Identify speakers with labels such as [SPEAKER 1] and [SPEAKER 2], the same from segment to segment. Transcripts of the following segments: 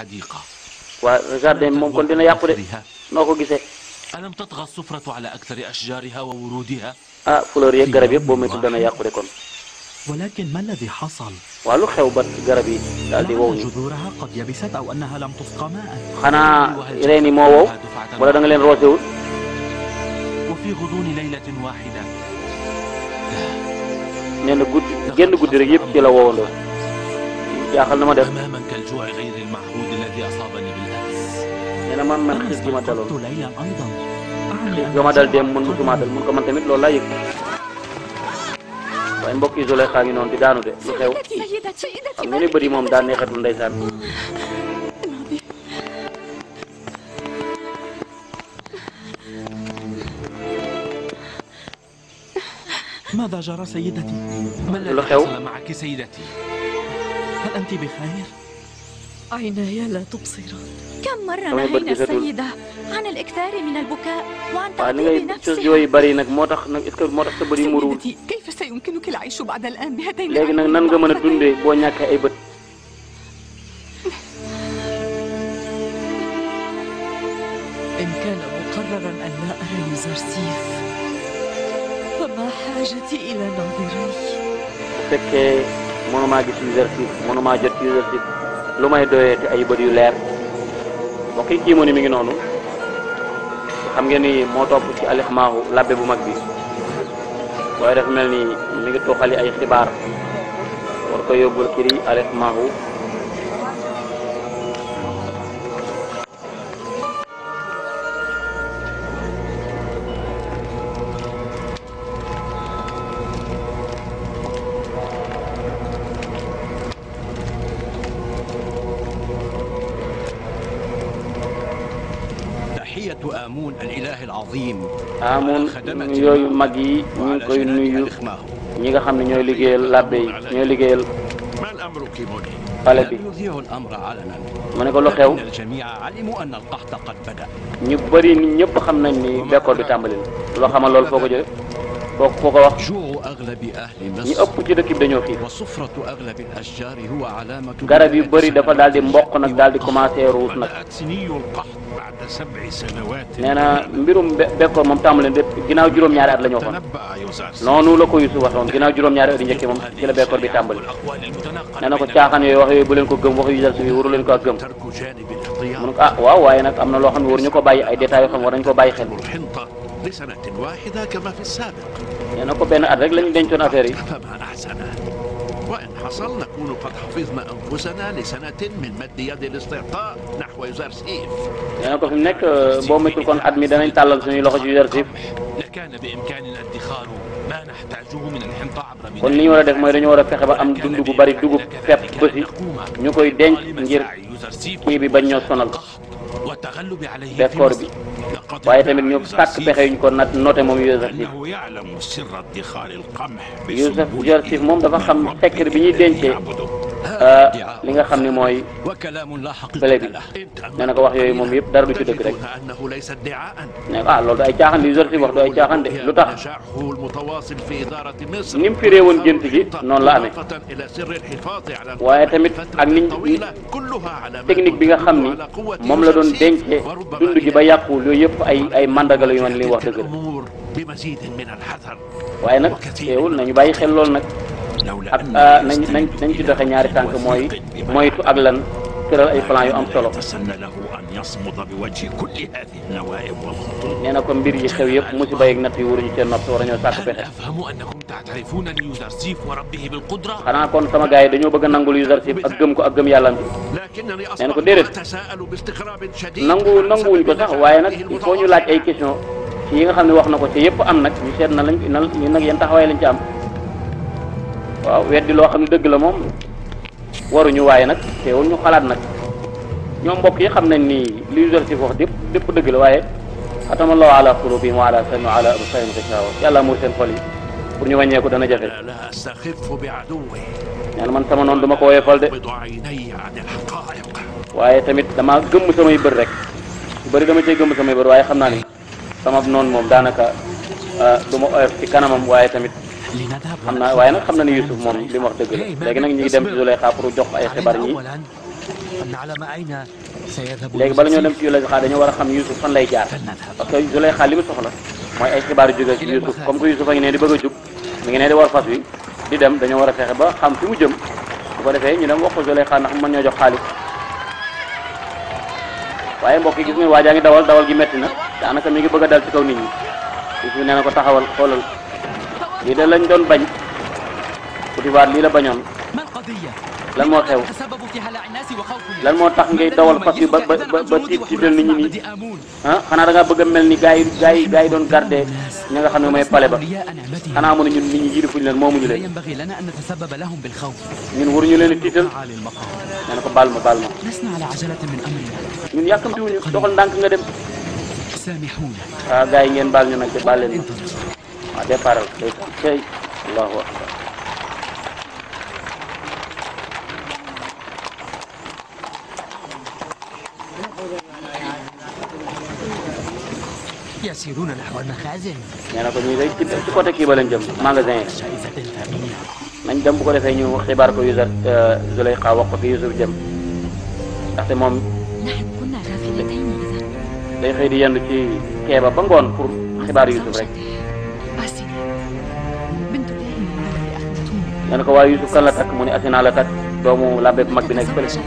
[SPEAKER 1] waaw jardin bi moom kon dina yàqu de noo ko gisee.
[SPEAKER 2] alam tatgha as-sufratu ala akthari ashjariha wa wurudiha.
[SPEAKER 1] ah fleur yeeg garab yëpp boo méttiwul dana yàqu de kon.
[SPEAKER 3] ولكن ما الذي حصل؟
[SPEAKER 1] waa lu xew ba garab yi daal di wow nii. جذورها قد يبست أو أنها لم تسقى ماء. xanaa reen yi moo wow wala da nga leen roosewul.
[SPEAKER 2] وفي غضون ليلة واحدة.
[SPEAKER 1] nee na guddi génn guddi rek yëpp ci la wowandoo. jaaxal na ma def. تماما كالجوع غير المعهود. الذي أصابني بالأمس nee na man man xiif gi ma daloon xiif ga ma dal dem mun musuma dal mun ko man tamit loolu laa yëg waaye mbokk yi Zuleyxa ngi noonu di daanu de lu xew xam nga ni bëri moom daa neexatul ndeysaan
[SPEAKER 2] ماذا جرى سيدتي؟ ما الذي حصل معك سيدتي؟ هل أنت بخير؟
[SPEAKER 3] عيناي
[SPEAKER 1] لا تبصران
[SPEAKER 3] كم مرة نهينا السيدة عن الإكثار من البكاء وعن تقديم نفسها سيدتي كيف سيمكنك العيش بعد الآن بهاتين الأعمال إن كان مقررا أن لا أرى
[SPEAKER 1] زرسيف
[SPEAKER 3] فما حاجتي إلى ناظري
[SPEAKER 1] تكي منو ما جيت زرسيف منو ما جيت زرسيف lu may doyeeti ay bët yu leer mbokk yi kii mu ni mi ngi noonu xam ngeen ni moo topp ci alixmaahu labbe bu mag bi waaye dafa mel ni mi ngi tuuxali ay xibaar war ko yóbbul kiri alixmaahu amoon yooyu mag yi ñu koy nuyu ñi nga xam ne ñooy liggéeyal labbe yi ñooy liggéeyal pale bi ma ne ko lu xew ñu bari nit ñëpp xam nañ ni bekkoor bi tàmbali na loo xamal loolu foo ko jëlee kooku foo ko wax ñi ëpp ci dëkk bi dañoo garab yu bëri dafa daal di mboq nag daal di commencé ruus nag nee na mbirum bekkoor moom tàmbaleen lépp ginnaaw juróom-ñaari at la ñu noonu la ko Yusuf waxoon ginnaaw juróom-ñaari at yu njëkk moom ci la bi tàmbali nee na ko caaxaan yooyu wax yooyu bu leen ko gëm wax yu dal si waru leen ko ak gëm mun ko ah, waaw waaye nag am na loo xam ne waruñu ko bàyyi ay détails yoo war nañu ko bàyyi xel
[SPEAKER 2] بسنة واحدة كما في السابق
[SPEAKER 1] يعني ko benn at rek lañu dencoon affaire yi فما أحسن
[SPEAKER 2] وإن حصل نكون قد حفظنا أنفسنا لسنة من مد يد الاستعطاء نحو يزار سيف
[SPEAKER 1] يعني ko fi boo moytul kon at mi danañ tàllal suñuy loxo ci Yuzaar Siif
[SPEAKER 2] لكان بإمكاننا ادخار ما نحتاجه من الحنطة عبر kon li ñu war a def
[SPEAKER 1] mooy dañu war a fexe ba am dund bu bari dugub pepp bësi ñu koy denc ngir kii bi bañ ñoo sonal bekkoor bi waaye tamit ñu sàkk pexe yuñ ko nat noté moom Youssouf Youssouf Youssouf moom dafa xam secret bi ñuy dencee Euh, li nga xam ne mooy bële bi nee na ko wax yooyu moom yëpp dara du ci dëgg rek ne ah loolu du ay caaxaan li jorti wax du ay caaxaan de lu tax ni mu firee woon gént gi la amee waaye tamit ak niñ technique bi nga xam ni moom la doon dencee dund gi ba yàquwul yooyu yëpp ay ay mandarga la yu man li wax dëgg
[SPEAKER 2] la
[SPEAKER 1] waaye nag teewul nañu bàyyi xel lool nag ak euh, nañ nañ nañ ci doxe ñaari tànk mooy moytu ak lan tëral ay plan yu am solo nee na ko mbir yi xew yëpp musiba yeeg natt yi waruñu seen nopp war a ñoo sàkk pexe xanaa kon sama gars yi dañoo bëgg a nangul Yuzarsib ak gëm ko ak gëm yàllam bi nee na ko déedéet nangu nanguwuñ ko sax waaye nag il faut ñu laaj ay question ci yi nga xam ne wax na ko ci yëpp am nag ñu seet na lañ na ñu nag yéen taxawaay lañ ci am waaw weddi loo xam ne dëgg la moom waruñu waaye nag teewul ñu xalaat nag ñoom mbokk yi xam nañ ni li leadership wax dépp dépp dëgg la waaye xatama allahu ala qulubihim wa ala samihim wa ala absarihim gishawa yàlla muur seen xol yi pour ñu wàññeeku dana jafe ñaan man sama noonu duma ko woyofal de waaye tamit dama gëmm samay bër rek su bëri dama cee gëmm samay bër waaye xam naa ni sama noonu moom daanaka ah, du ma oyof ci kanamam waaye tamit xam naa waaye nag xam na ni Yusuf moom li mu wax dëgg la léegi nag ñu ngi dem ci Zuleyxa pour jox ay xibaar ñi léegi bala ñoo dem ci Zuleyxa dañoo war a xam Yusuf fan lay jaar parce que Zuleyxa li mu soxla mooy ay xibaar jóge ci Yusuf comme que Yusuf ngi ne di bëgg jug mi ngi ne di war fas wi di dem dañoo war a fexe ba xam fi mu jëm bu ko defee ñu dem wax ko Zuleyxa ndax man ñoo jox xaalis waaye mbokk yi gis nga waajaa ngi dawal dawal gi metti na daanaka mi ngi bëgg a dal ci kaw nit ñi ko taxawal xoolal lii de lañ doon bañ Potifar lii la bañoon lan moo xew lan moo tax ngay dawal fas yi ba ba ba tiit tiital nit ñi nii ah xanaa da ngaa bëgg a mel ni gars yi gars yi gars yi doon gardé ña nga xam ne mooy pale ba xanaa mu ne ñun nit ñi yilifuñu leen moomuñu leen
[SPEAKER 2] ñun waruñu leen a
[SPEAKER 1] tiital nee na ko baal ma baal ma ñun yàkkamtiwuñu doxal ndànk nga dem waaw ah, gars yi ngeen baal ñu nag te baal leen ma. waaw départ day tax cey allahu akbar
[SPEAKER 3] يسيرون نحو المخازن
[SPEAKER 1] nee na ko ñuy day ci côté kii ba lañ jëm magasin yi nañ dem bu ko defee ñu xibaar ko Yusuf eh, Zuleyxa wax ko fi Yusuf jëm ndaxte moom day xëy di yendu ci keeba ba ngoon pour xibaar Yusuf rek dana ko waaye Yusuf kan la takk mu ne Asina la takk doomu làbbe bu mag bi nekk fële. nee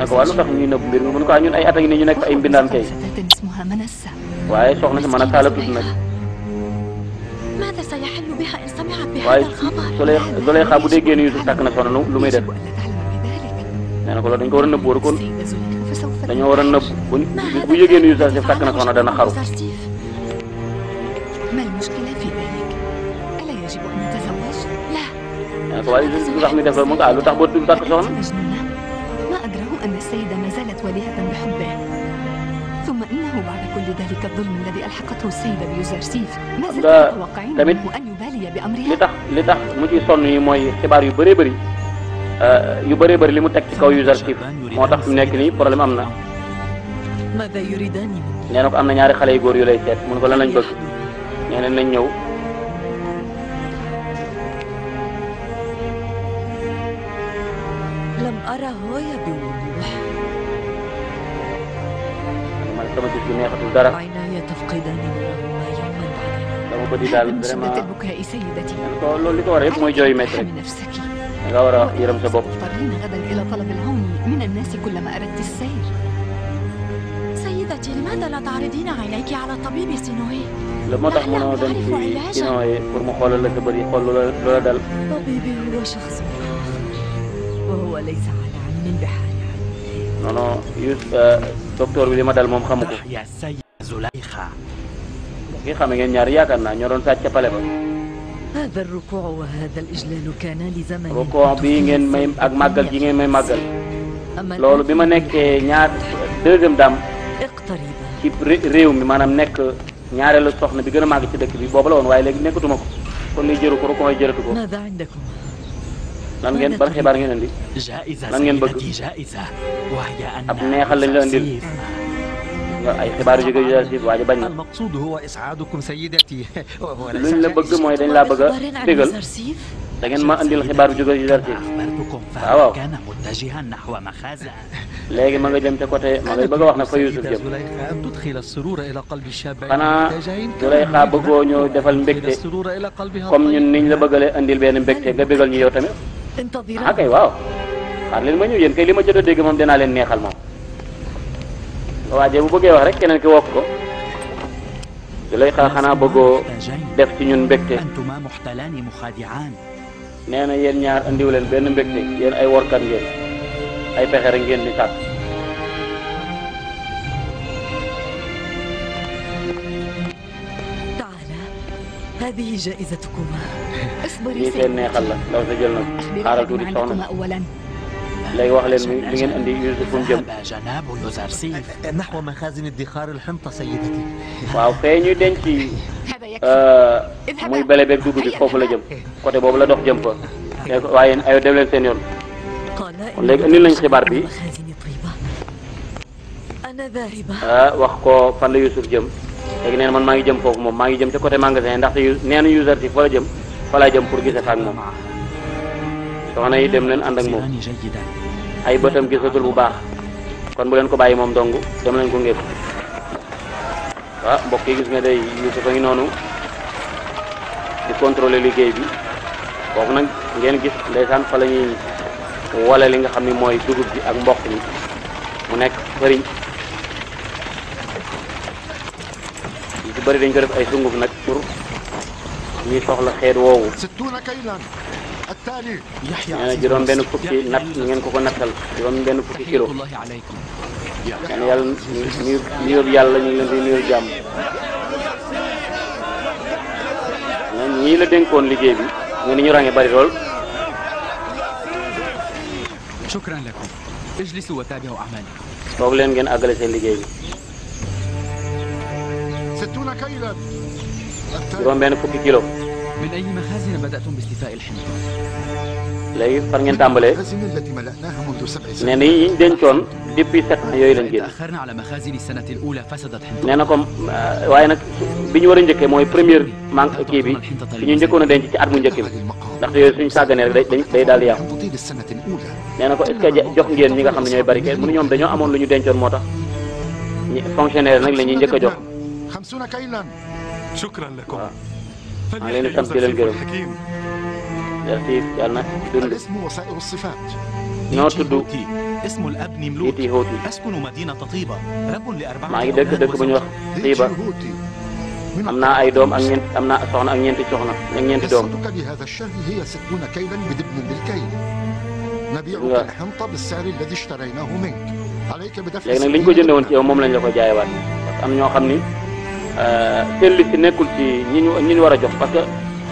[SPEAKER 1] na ko waa lu tax ñuy nëbb mbir mi mun ko ah, ay at a ñu nekk ay mbindaan kay. waaye soxna si mën a taal a tudd nag. waaye Zulay Zuleyxa na soxna lu muy def. dañ ko war a nëbb war kon dañoo war a nëbb bu bu yëgee ni Yusuf takk na soxna dana xaru. ko waaye lu tax ñu def loolu mu nga ah lu tax ba du takk soxna. nga tamit li tax li tax mu ciy sonn yi mooy xibaar yu bëree bëri yu bëree bëri li mu teg ci kaw usersif moo tax mu nekk nii problème am na. nee na ko am na ñaari xale yu góor yu lay seet mun ko lan lañ bëgg nee nañ ñëw.
[SPEAKER 3] أراها بوضوح
[SPEAKER 1] ملكمة الجنيخة الدرع
[SPEAKER 3] عيناي تفقدان نورهما
[SPEAKER 1] يوما بعد يوم من سنة
[SPEAKER 3] البكاء سيدتي
[SPEAKER 1] ارحمي نفسك تضطرين
[SPEAKER 3] غدا إلى طلب العون من الناس كلما أردت السير سيدتي لماذا لا تعرضين عينيك على طبيب سينوي؟
[SPEAKER 1] لما تحملنا دم في سينوي والمخالة التي بدي قالوا لا دل
[SPEAKER 3] طبيبي هو شخص وهو ليس على علم بحالها
[SPEAKER 1] non non Yus euh, docteur bi li ma dal moom xamu ko. ki xame ngeen ñaar yaakaar naa ñoo doon sàcc pale ba. ruku bi ngeen may ak màggal ji ngeen may màggal. loolu bi ma nekkee ñaar deuxième dame. ci réew mi maanaam nekk ñaareelu soxna bi gën a màgg ci dëkk bi boobu la woon waaye léegi nekkatuma ko kon liy jëru ko ruku jëratu ko. lan ngeen ban xibaar ngeen indi lan ngeen bëgg
[SPEAKER 2] ab neexal lañ la indil
[SPEAKER 1] ay xibaar yu jóge jaasib waa ji bañ na
[SPEAKER 2] luñ la bëgg mooy dañ laa bëgg a
[SPEAKER 1] dégal da ngeen ma andil xibaar bu jóge jaasib waaw waaw léegi ma nga jëm ca côté ma ngay bëgg a wax na fa Yuusuf jëm xanaa Zulayxa bëggoo ñëw defal mbégte comme ñun niñ la bëggalee andil benn mbégte nga bégal ñu yow tamit. dañ toog di ah kay waaw xaar leen ma ñëw yeen kay li ma jot a dégg moom dinaa leen neexal moom waajee bu bëggee wax rek keneen ki wokk ko lay xaa xanaa bëggoo def ci ñun mbégte nee na yéen ñaar andiw leen benn mbégte yéen ay workat ngeen ay pexe rek ngeen di sàkk
[SPEAKER 3] هذه جائزتكما اصبري seen neexal la
[SPEAKER 1] ndaw sa jël na xaaral tuuti soxna léegi wax leen li ngeen andi Yuusuf fu mu
[SPEAKER 2] jëm نحو مخازن ادخار الحنطة سيدتي
[SPEAKER 1] waaw fee ñuy denc muy bele beeg dugub bi foofu la jëm côté boobu la dox jëm fa waaye ay dem leen seen yoon kon léegi indi nañ xibaar bi wax ko fan la Yuusuf jëm léegi nee na man maa ngi jëm foofu moom maa ngi jëm ca côté magasin ndaxte nee na user si fa la jëm fa laa jëm pour gise fa ak moom soxna yi dem leen ànd ak moom ay bëtam gisatul bu baax kon bu leen ko bàyyi moom dong dem leen ko ngépp ah waaw mbokk gis nga day Yuusufa ngi noonu di contrôler liggéey bi foofu nag ngeen gis ndeysaan fa la ñuy wala li nga xam ni mooy dugub bi ak mboq mi mu nekk fëriñ ci bari dañ ko def ay sunguf nag pour ñuy soxla xeet woowu nee na juróom benn fukki nat ngeen ko ko nattal juróom benn fukki kilo nee na yàlla ñu nuyób yàlla ñu ngi leen di nuyób jàmm na ñii la dénkoon liggéey bi nga ni ñu ràññee bari lool toog leen ngeen àggale seen liggéey bi juróom benn fukki kilo léegi far ngeen tàmbalee nee na yi ñu dencoon depuis sept ans yooyu lañ
[SPEAKER 2] génn nee na
[SPEAKER 1] comme waaye nag bi ñu war a njëkkee mooy première manque kii bi fi ñu njëkkoon a denc ci at mu njëkk bi ndaxte yooyu suñu sàgganee rek day day daal di yàqu nee na ko est jox ngeen ñi nga xam ne ñooy bari mu ñoom dañoo amoon lu ñu dencoon moo tax ñi fonctionnaire nag la ñuy njëkk a jox.
[SPEAKER 2] 50 كيلا
[SPEAKER 1] شكرا لكم علينا كم كيلو الجرم يرتيب يالنا الاسم وسائر الصفات نوتو اسم الاب نملوك اسكن
[SPEAKER 2] مدينه طيبه رب لاربعه maa ngi dëkk dëkk bu ñu wax
[SPEAKER 1] Tiiba am naa ay doom ak ñeent am naa soxna ak ñeenti soxna ak ñeenti doom léegi
[SPEAKER 2] nag li ñu ko
[SPEAKER 1] jëndee woon ci yow moom lañ la ko jaayewaat am ñoo xam ni seen euh, liste nekkul ci ñi ñu ñi ñu war a jox parce que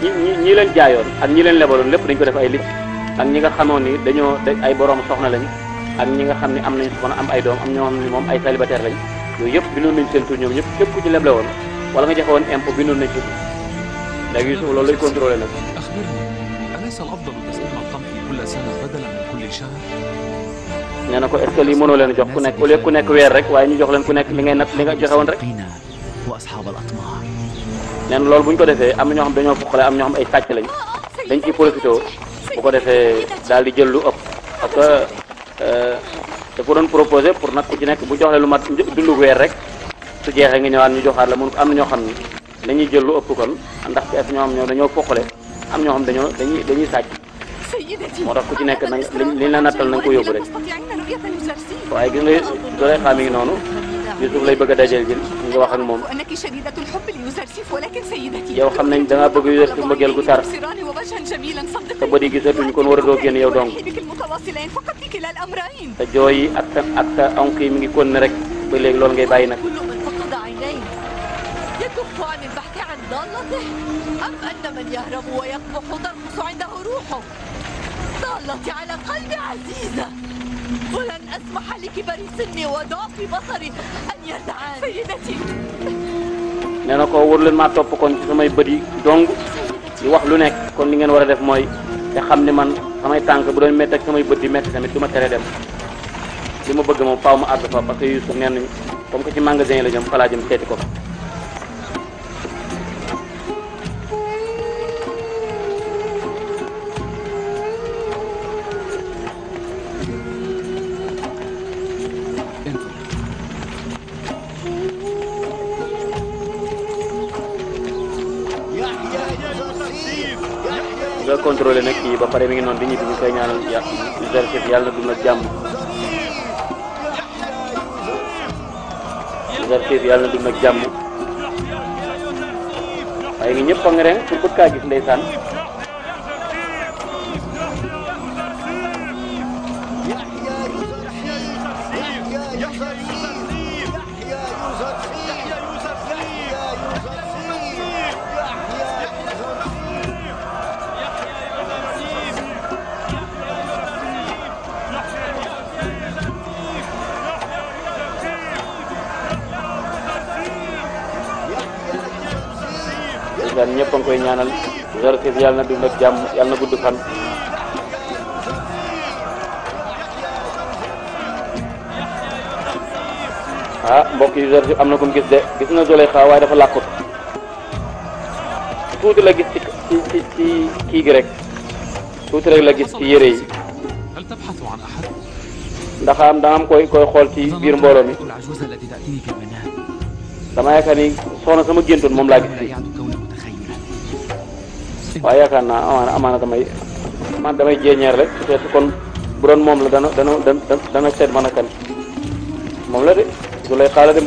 [SPEAKER 1] ñii ñi leen jaayoon ak ñi leen lebaloon lépp dañ ko def ay liste ak ñi nga xamoon ni dañoo ay borom soxna lañu ak ñi nga xam ne am nañ soxna am ay doom am ñoo xam ne moom ay célibataire lañ yooyu yëpp bindoon nañ seen tur ñoom ñëpp képp ku ci leble woon wala nga joxe woon impôt bindoon nañ ci léegi Yusuf loolu lay contrôlé nag nee na ko est-ce que lii mënoo leen jox ku nekk au ku nekk weer rek waaye ñu jox leen ku nekk li ngay nat li nga joxe woon rek ashaabal atmaar nee na loolu bu ñu ko defee am na ñoo xam dañoo fuqale am ñoo xam ay sàcc lañ dañ ci profité bu ko defee daal di jël lu ëpp parce que euh, dafa doon proposé pour nag ku ci nekk bu joxle lu mat dundu weer rek su jeexee nga ñëwaat ñu joxaat la mun ko am na ñoo xam ni dañuy jël lu ëpp kon ndax ci af ñoo xam ñoo dañoo fuqale am ñoo xam dañoo dañuy dañuy sàcc moo tax ku ci nekk nag liñ la nattal na nga ko yóbbu rek
[SPEAKER 3] waaye gis nga Zulaykha mi ngi noonu Youssouf lay
[SPEAKER 1] bëgg a dajeel ji ñu ngi wax ak moom yow xam nañ da ngaa bëgg Youssouf mbëggeel gu tar sa bët yi gisatuñ kon war a doo génn yow dong sa jooy yi ak sa ak sa onk yi mi ngi kon ne rek ba léegi loolu ngay bàyyi nag.
[SPEAKER 3] ولن أسمح لكبر سني وضعف بصري أن يدعاني سيدتي
[SPEAKER 1] nee na ko wër leen maa topp kon ci samay bët yi dong di wax lu nekk kon li ngeen war a def mooy te xam ni man samay tànk bu doon métti ak samay bët di métti tamit du ma tere dem li ma bëgg moom faaw ma àgg fa parce que Youssouf nee nañu comme que ci magasin la jëm fa laa jëm seeti ko contrôlé nag kii ba pare mi ngi noonu di ñibbi ñu koy ñaanal Joseph yàlla na dund ak jàmm Joseph yàlla na dund ak jàmm waaye ñun ñëpp fa nga ren pour bëgg kaa gis ndeysaan yàlla na dund ak jàmm yàlla na gudd fan ah mbokk yi jërëjëf am na ku mu gis de gis na Zuleyxa waaye dafa làkkut tuuti la gis ci ci ci kii gi rek tuuti rek la gis ci yére yi ndax am koy koy xool ci biir mbooloo mi dama yaakaar ni soxna sama géntoon moom laa gis fii. waaye yaakaar naa amaana amaana damay man damay jéeñeer rek seet kon bu doon moom la dana dana dana seet mën a kan moom la de su lay xaala de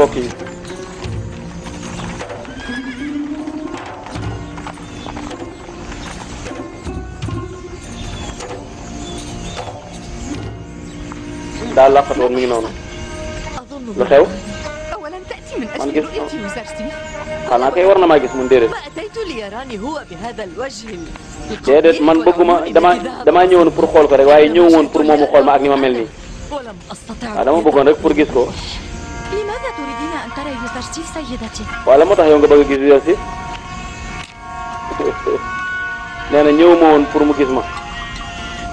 [SPEAKER 1] daal làqat woon mi ngi noonu lu xew xanaa kay war na maa gis mun déedéet. déedéet man bëgguma damaa damaa ñëwoon pour xool ko rek waaye ñëw woon pour moomu xool ma ak ni ma mel nii. waaw dama bëggoon rek pour gis ko. waaw la moo tax yow nga bëgg a gis Youssouf. na ñëw ma woon pour mu gis ma.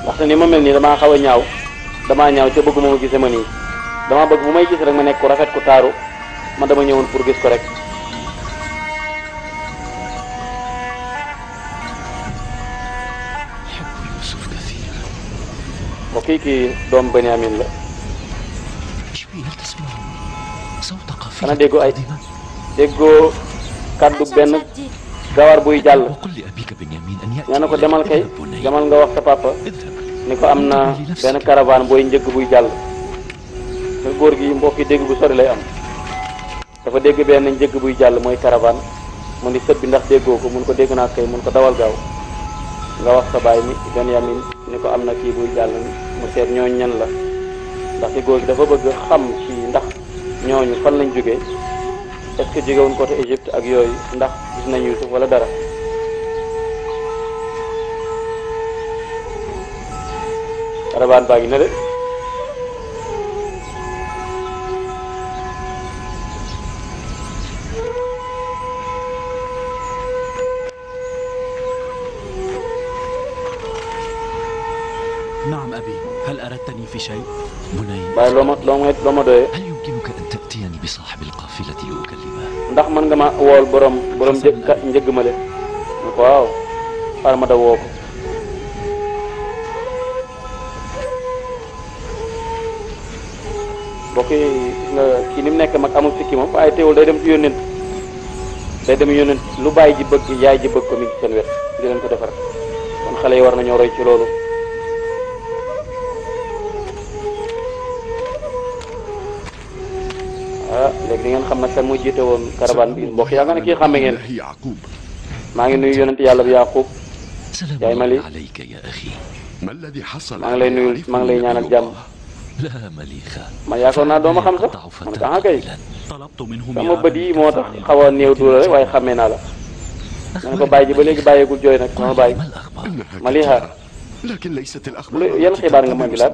[SPEAKER 1] ndaxte ni ma mel nii damaa xaw a ñaaw damaa ñaaw ca bëgguma ma gisee ma nii. damaa bëgg bu may gis rek ma nekk ku rafet ku taaru man dama ñëwoon pour gis ko rek. kii kii doom Benyamin la xanaa déggoo ay déggoo kàddu benn gawar buy jàll nga ne ko demal kay demal nga wax sa papa ni ko am na benn caravane booy njëgg buy jàll nga góor gi mbokk yi dégg bu sori lay am dafa dégg benn njëgg buy jàll mooy caravane mu ni sët bi ndax déggoo ko mun ko dégg naa kay mun ko dawal gaaw nga wax sa baay mi Benyamin ni ko am na kii buy jàll ni mu seet ñooñu ñan la ndaxte góor gi dafa bëgg xam ci ndax ñooñu fan lañ jógee est ce que jógewuñ côté Égypte ak yooyu ndax gis nañ Yuusuf wala dara caravane baa ngi ne de في شيء بني باي لو ما لو ما لو ما دوي هل يمكنك أن تأتيني بصاحب القافلة لأكلمه ndax mën nga ma wool borom borom njëgg ma le waaw xaaral ma da woo ko mbokk yi kii ni mu nekk mag amul sikki moom te teewul day dem ci yónnent day dem yónnent lu bàyyi ji bëgg yaay ji bëgg ko mi ngi seen wet di ko defar kon xale yi war nañoo roy ci loolu léegi di ngeen xam nag kan moo jiite woon caravane bi mbokk yaa nga ne kii xàmme ngeen maa ngi nuyu yonent yàlla bi Yaqub yaay Mali ma ngi lay nuyu maa ngi lay ñaanal jàmm ma yaakaar naa doo ma xam sax ma ne ko ah kay
[SPEAKER 2] sama bët yi moo tax
[SPEAKER 1] xaw a néew tuura rek waaye xàmmee naa la ma ne ko bàyyi ji ba léegi bàyyeegul jooy nag sama bàyyi Maliha lu yan xibaar nga mën di laal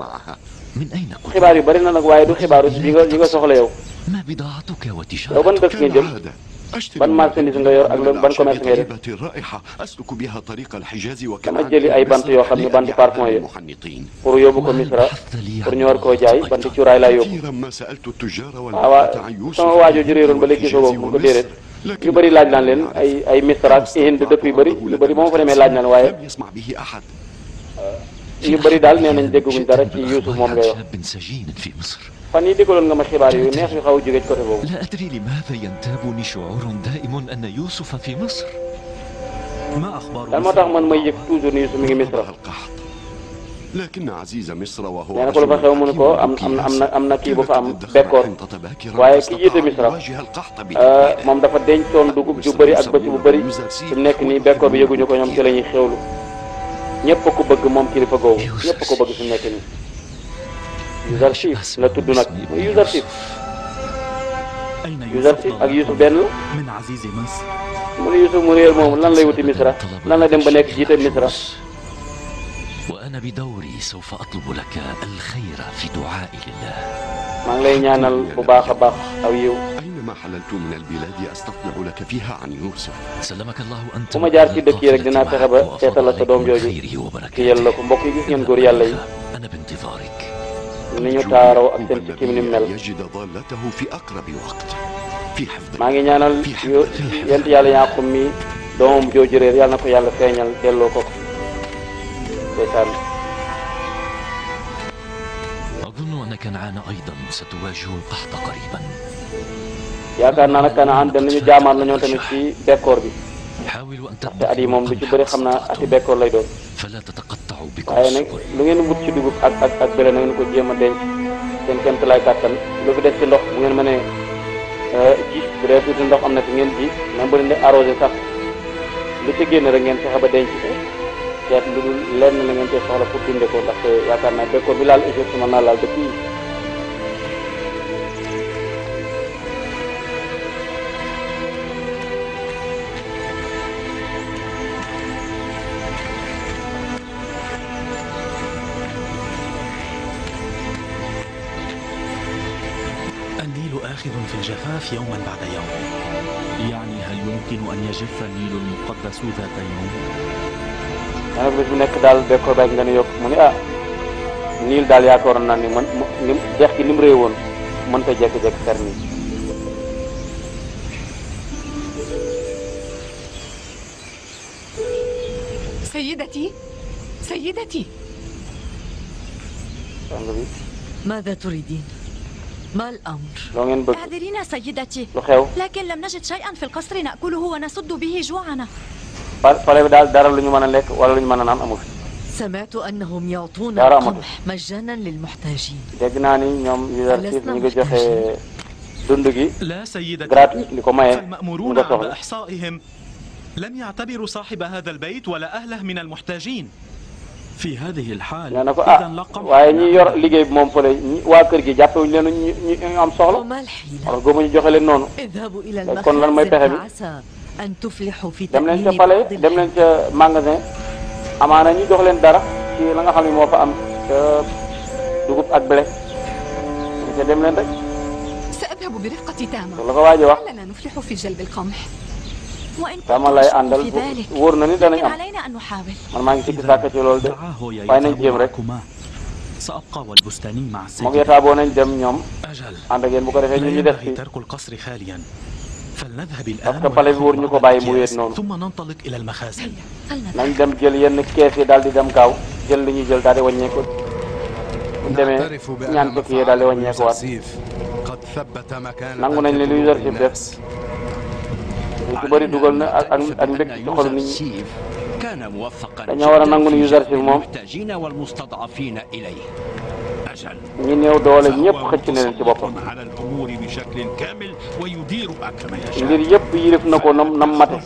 [SPEAKER 1] xibaar yu bari na nag waaye du xibaaru bi nga nga soxla yow. yow ban dëkk nga jëm ban marchandise nga yor ak ban commerce nga def dama jëli ay bant yoo xam ne bant parfum yi pour yóbbu ko Misra pour ñu war koo jaay bant cuuraay laa yóbbu waaw waaw sama waajoo ji réeroon ba léegi gisoo ko ko déedéet ñu bëri laaj naan leen ay ay Misra ak Hind dëkk yu bëri yu bëri ba ma fa demee laaj naan waaye yu bëri daal nee nañ dégguñ dara ci Yuusuf moom ngay wax. fan yii déggaloon nga ma xibaar yooyu neex yu xaw a jóge ci côté boobu. لا
[SPEAKER 2] أدري لماذا ينتابني شعور دائم أن يوسف في مصر.
[SPEAKER 1] ما moo tax man may yëg toujours ni Youssouf mi ngi Misra.
[SPEAKER 2] لكن عزيز مصر وهو nee na ko lu fa xew mu ne ko am am am na am na kii bu fa
[SPEAKER 1] am bekkoor waaye ki jiite Misra euh, moom dafa dencoon dugub ju bëri ak bëcc bu bëri fi mu nekk nii bekkoor bi yëguñu ko ñoom ci la ñuy xewlu ñëpp ko bëgg moom kilifa googu ñëpp ko bëgg fi mu nekk nii. Youssouf la tudd nag Youssouf Youssouf ak Youssouf benn la mu ne Youssouf mu réer moom lan lay wuti Misra lan la dem ba nekk jiite Misra. maa ngi lay ñaanal bu baax a baax aw yiw. bu ma jaar ci dëkk yi rek dinaa fexe ba seetal la sa doom jooju. kii yàlla ko mbokk yi gis ngeen góor yàlla yi. ni ñu taaroo ak seen sikkim ni mel maa ngi ñaanal yent yàlla Yaaqub mi doomam jooju réer yàlla na ko yàlla feeñal delloo ko ko ndeysaan
[SPEAKER 2] أظن أن كنعان أيضا ستواجه القحط قريبا
[SPEAKER 1] yaakaar naa nag Kanaan danañu jaamaan la ñoom tamit ci bekkoor bi te at yi moom lu ci bëri xam naa ati bekkoor lay doon waaye nag lu ngeen wut ci dugub ak ak ak bële na ngeen ko jéem a denc seen kéem tolluwaay kàttan lu fi def ci ndox bu ngeen mënee ji euh, bu dee tuuti ndox am na fi ngeen ji même bu leen di sax lu ci génn rek ngeen fexe ba denc ko seet lu dul lenn la ngeen cee soxla pour dundee ko ndax yaakaar naa bekkoor bi laal Égypte mën naa laal dëkk yi.
[SPEAKER 2] آخذ في الجفاف يوما بعد يوم يعني هل يمكن أن يجف النيل المقدس ذات يوم؟
[SPEAKER 1] bis bu nekk daal décor baa ngi gën a yokk mu ne ah niil daal yaakaaroon naa ni man ni dex gi ni mu réewoon mënta jékki-jékki fer nii
[SPEAKER 3] سيدتي سيدتي ماذا تريدين؟ ما الأمر؟ لو ngeen bëgg اعذرينا سيدتي lu xew لكن لم نجد شيئا في القصر نأكله ونسد به جوعنا
[SPEAKER 1] pale bi daal dara lu ñu mën a lekk wala lu ñu mën a naan amu fi
[SPEAKER 3] سمعت أنهم يعطون القمح مجانا للمحتاجين
[SPEAKER 1] dégg naa ni ñoom URSS ñu ngi joxe dund gi gratuit li ko maye mu nga
[SPEAKER 2] soxla لم يعتبروا صاحب هذا البيت ولا أهله من المحتاجين
[SPEAKER 1] fi hadhihi al hal nee na ko ah waaye ñi yor liggéey bi moom fële waa kër gi jàppewuñu leen ñu ñu am soxla wax góobu ñu joxe leen noonu
[SPEAKER 3] kon lan mooy pexe bi dem
[SPEAKER 1] leen ca palais dem leen ca magasin amaana ñu jox leen dara ci la xam ne moo fa am ca dugub ak blé ca dem leen rek.
[SPEAKER 3] la ko waaj a wax. sama lay àndal wóor na ni danañ am man maa ngi sikki sàkk
[SPEAKER 1] ci loolu de waaye nañ jéem rek moom yataa boo nañ dem ñoom ànd ak yéen bu ko defee ñu ñu def fii parce que pale bi wóor ñu ko bàyyi mu wéet noonu nañ dem jël yenn kees yi daal di dem gaaw jël li ñuy jël daal di wàññeeku bu demee ñaan ko kii yee daal di wàññeekuwaat nangu nañ ne lu user ci def lu ci bëri dugal na ak ak ak mbégte ci xol nit
[SPEAKER 2] ñi dañoo war a nangu ni Youssouf moom
[SPEAKER 1] ñi néew doole ñëpp xëcc na leen ci boppam mbir yëpp yilif na ko nam nam mate.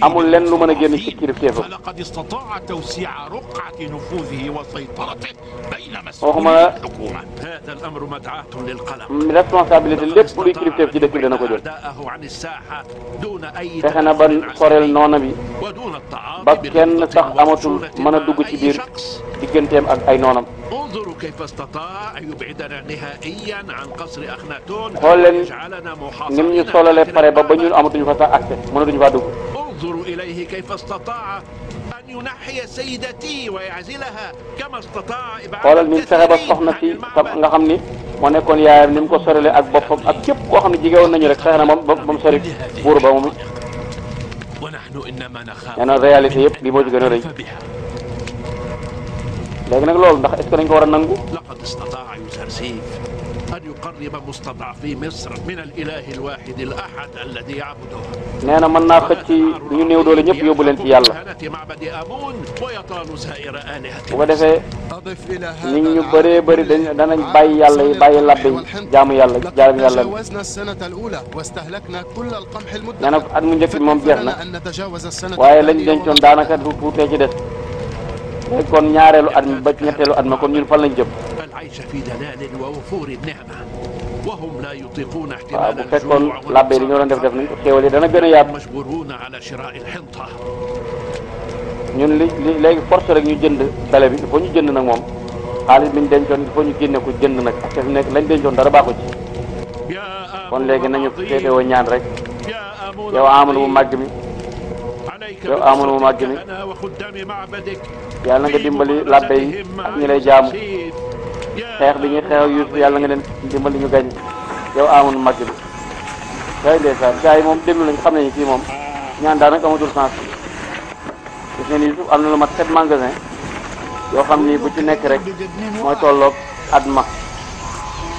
[SPEAKER 1] amul lenn lu mën a génn ci kilifteefam waxuma la responsabilité lépp luy kilifteef ci dëkk bi dana ko jël fexe na ba soreel noona bi ba kenn sax amatul mën a dugg ci biir digganteem ak ay noonam. انظروا كيف
[SPEAKER 2] استطاع أن يبعدنا نهائيا عن قصر
[SPEAKER 1] أخناتون ويجعلنا محاصرين xool leen ni mu ñu pare ba ba ñun amatuñu fa sax accès mënatuñu faa dugg.
[SPEAKER 2] انظروا إليه كيف استطاع أن ينحي سيدتي ويعزلها كما
[SPEAKER 1] استطاع إبعاد xoolal ni mu fexe nga xam ni moo nekkoon yaayam ni mu ko soralee ak boppam ak képp koo xam ne jigéen woon nañu rek fexe na moom ba mu sori buur na yëpp lii léegi nag loolu ndax est-ce que dañ ko war a nangu laqad istataa yusarsif
[SPEAKER 2] an yuqarriba mustadaa fi misr min al ilahi al wahid al ahad alladi yaabuduhu
[SPEAKER 1] nee na mën naa xëcc ñu néew doole ñëpp yóbbu leen ci yàlla bu ko defee nit ñu bëree bëri dañ danañ bàyyi yàlla yi bàyyi labbe yi jaamu yàlla jaamu yàlla nee na at mu njëkk bi moom jeex na waaye lañ dencoon daanaka du tuutee ci des kon ñaareelu at ba ñetteelu at ma kon ñun fa lañ jëm waaw bu fekkoon labbe li ñoo doon def def nañ ko xéwal yi dana gën a yaatu ñun li léegi force rek ñu jënd tale bi il faut ñu jënd nag moom xaalis bi ñu dencoon il faut ñu génne ko jënd nag te fi nekk lañ dencoon dara baaxu ci kon léegi nañu féetewoo ñaan rek yow amalu bu màgg mi. yow amoon mu màgg mi yàlla nga dimbali labbe yi ak ñi lay jaamu xeex bi ñuy xeex ak Yuusuf yàlla nga leen dimbali ñu gañ yow amoon mu màgg mi kay ndeysaan gars yi moom déglu nañ xam nañu kii moom ñaan daanaka amatul sens gis ngeen lu mat sept magasin yoo xam ni bu ci nekk rek mooy tolloog at ma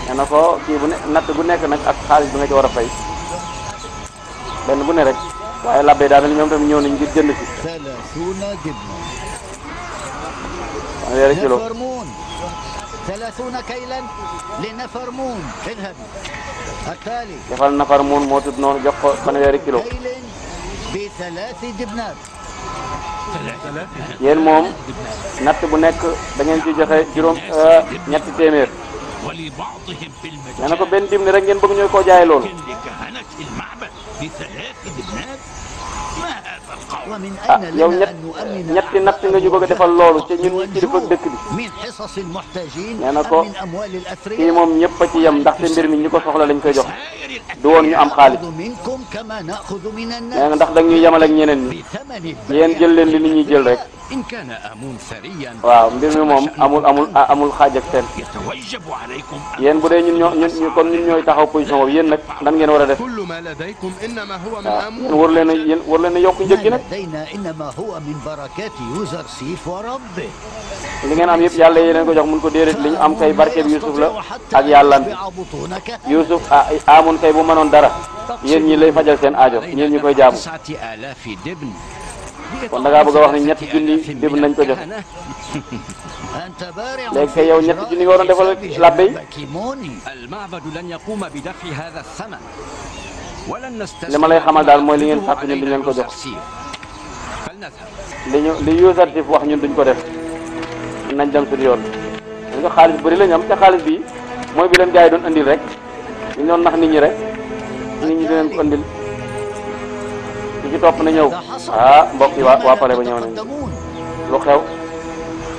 [SPEAKER 1] nee na ko kii bu ne bu nekk nag ak xaalis bi nga ci war a fay benn bu ne rek waaye labbe daa mel ñoom tamit ñëw nañ ngir jënd si.
[SPEAKER 2] fanweeri
[SPEAKER 3] kilo.
[SPEAKER 1] defal nafar muun moo tudd noonu jox ko fanweeri kilo. moom natt bu nekk da ngeen ci joxe juróom euh, ñetti téeméer. nee na ko benn dim ne rek ngeen bëgg ñooy koo jaay loolu. ah yow ñett ñetti natt nga ñu bëgg a defal loolu ca ñun kilifa dëkk bi
[SPEAKER 2] nee na ko kii moom
[SPEAKER 1] ñëpp a ci yem ndaxte mbir mi ñi ko soxla lañ koy jox du woon ñu am xaalis nee na ndax da nga ñuy yemal ak ñeneen ñi yéen jël leen li nit ñu jël rek.
[SPEAKER 3] waaw mbir mi moom
[SPEAKER 1] amul amul amul xaaj ak seen yéen bu dee ñun ñoo ñun kon ñun ñooy taxaw position boobu yéen nag nan ngeen war a def waaw yéen war leen a yéen war leen a yokk njëg gi nag li ngeen am yëpp yàlla yéen ko jox mun ko déedéet li ñu am kay barke bi Youssouf la ak yàlla bi Youssouf amoon kay bu mënoon dara yéen ñi lay fajal seen aajo ñeen ñi koy jaamu.
[SPEAKER 2] kon da ngaa bëgg a wax ne ñetti junni déglu nañ ko joxe
[SPEAKER 3] léegi kay yow ñetti junni nga waroon defal labbe yi
[SPEAKER 2] li
[SPEAKER 1] ma lay xamal daal mooy li ngeen fàtte ñun duñ leen ko jox li ñu li Yuusuf wax ñun duñ ko def nañ dem suñu yoon. dañ ko xaalis bëri la ñu am te xaalis bi mooy bi leen gars doon andil rek ñu doon nax nit ñi rek nit ñi di leen ci topp na ñëw ah mbokk yi waa waa pale ba ñëw nañu lu xew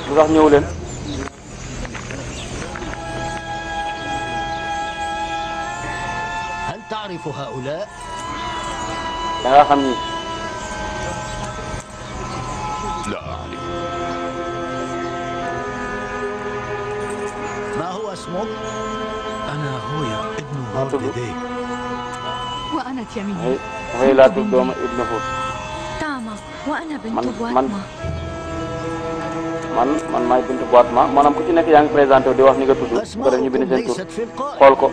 [SPEAKER 1] lu tax ñëw leen da nga
[SPEAKER 3] xam ni maa tudd dafay
[SPEAKER 1] laatul doomu ibnu Hud
[SPEAKER 3] man man
[SPEAKER 1] man man maay bintu boite ma maanaam ku ci nekk yaa ngi présenté wu di wax ni nga tudd su ko def ñu bind seen tur xool ko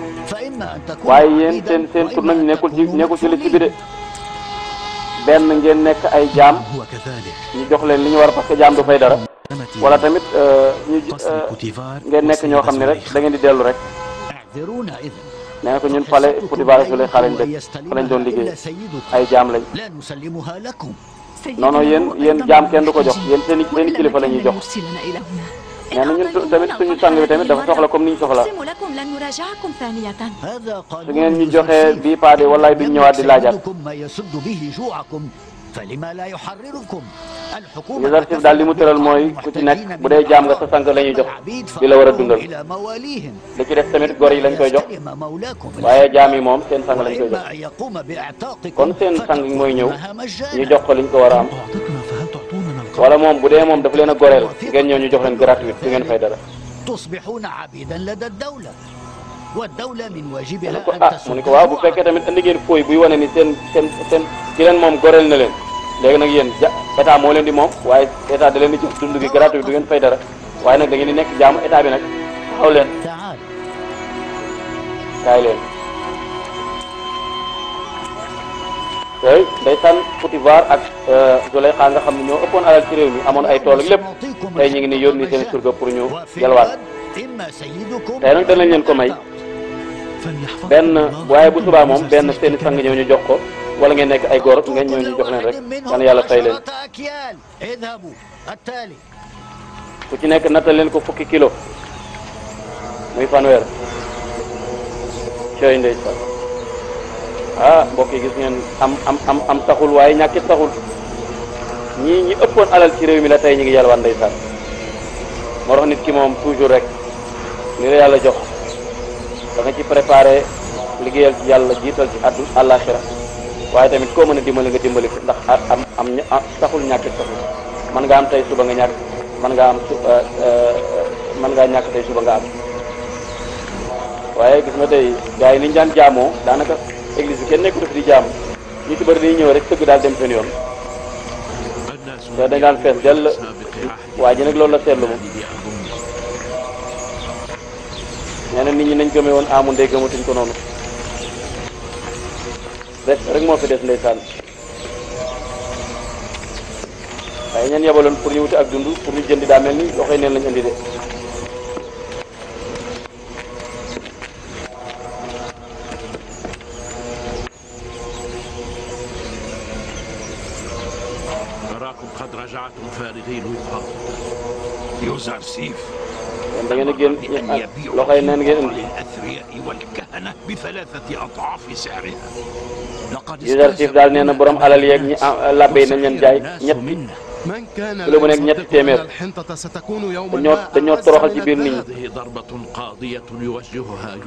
[SPEAKER 1] waaye yéen seen seen tur nag nekkul ci nekkul ci liste bi de benn ngeen nekk ay jaam ñu jox leen li ñu war parce que jaam du fay dara wala tamit euh, ñu euh, ngeen nekk ñoo xam ne rek da ngeen di dellu rek. nee na ko ñun fale Fouti a Rassoul xaar lañ dëkk fa lañ doon liggéey ay jaam lañ. non non yéen yéen jaam kenn du ko jox yéen seen i seen la ñuy jox.
[SPEAKER 3] nee
[SPEAKER 1] na ñun tamit suñu sang bi tamit dafa soxla comme ni ñu soxla su ngeen ñu joxee bii paa de walaay duñ ñëwaat di laajaat.
[SPEAKER 3] leadership
[SPEAKER 1] daal li mu tëral mooy ku ci nekk bu dee jaam nga sa sang la ñuy jox li la war a dundal lu ci def tamit gor yi lañ koy jox waaye jaam yi moom seen sang lañ koy jox kon seen sang mooy ñëw ñu jox ko liñ ko war a am wala moom bu dee moom daf leen a goreel ngeen ñëw ñu jox leen gratuit du ngeen fay dara.
[SPEAKER 3] والدولة من واجبها
[SPEAKER 1] أن ah, تسد mu ni ko waaw bu fekkee tamit indi ngeen fooy buy wane ni seen seen seen ki leen moom goreel na leen léegi nag yéen ja état moo leen di moom waaye état da leen di jox dund gi gratuit du ngeen fay dara waaye nag da ngeen di nekk jaamu état bi nag taxaw leen kaay leen yooyu ndeysaan Potifar ak euh, Zuleyxa nga xam ne ñoo ëppoon alal ci réew mi amoon ay tool ak lépp tey ñu ngi ni yónni seen surga pour ñu yalwaan tey nag danañ leen ko may benn waaye bu subaa moom benn seeni sang ñëw ñu jox ko wala ngeen nekk ay góor ngeen ñëw ñu jox leen rek yal yàlla fay leen ku ci nekk nattal leen ko fukki kilo muy fanweer cooy ndey sax ah mbokk gis ngeen am am am am taxul waaye ñàkkit taxul ñii ñi ëppoon alal ci réew mi la tey ñi ngi yàlla waan ndey sax moo nit ki moom toujours rek li la yàlla jox da nga ci préparé liggéeyal ci yàlla jiital ci addu àllaaxira waaye tamit koo mën a dimbali nga dimbali ko ndax am am taxul ñàkk saxul mën nga am tey suba nga ñàkk man nga am su euh, euh, mën ngaa ñàkk tey suba nga am waaye gis nga tey gars yi ni daan jaamoo daanaka église bi kenn nekkul fi di jaam ñu ci bëri dañuy ñëw rek sëgg daal dem seen yoon te dañ daan fees dell waa ji nag loolu la seetlu moom nee nit ñi nañ gëmee woon aamu ndey gëmatuñ ko noonu rek moo fi des ndeysaan waaye ñeen yebaloon pour ñu wuti ak dund pour ñu jëndi daa mel ni loxoy neen lañ indi de da ngeen a génn ah, loxo yi neen ngeen indi. Yuzarsif daal nee na borom alal yeeg ñi ah, labbe yi nañ leen jaay ñetti kilo bu nekk ñetti téeméer dañoo dañoo toroxal ci biir nit
[SPEAKER 2] ñi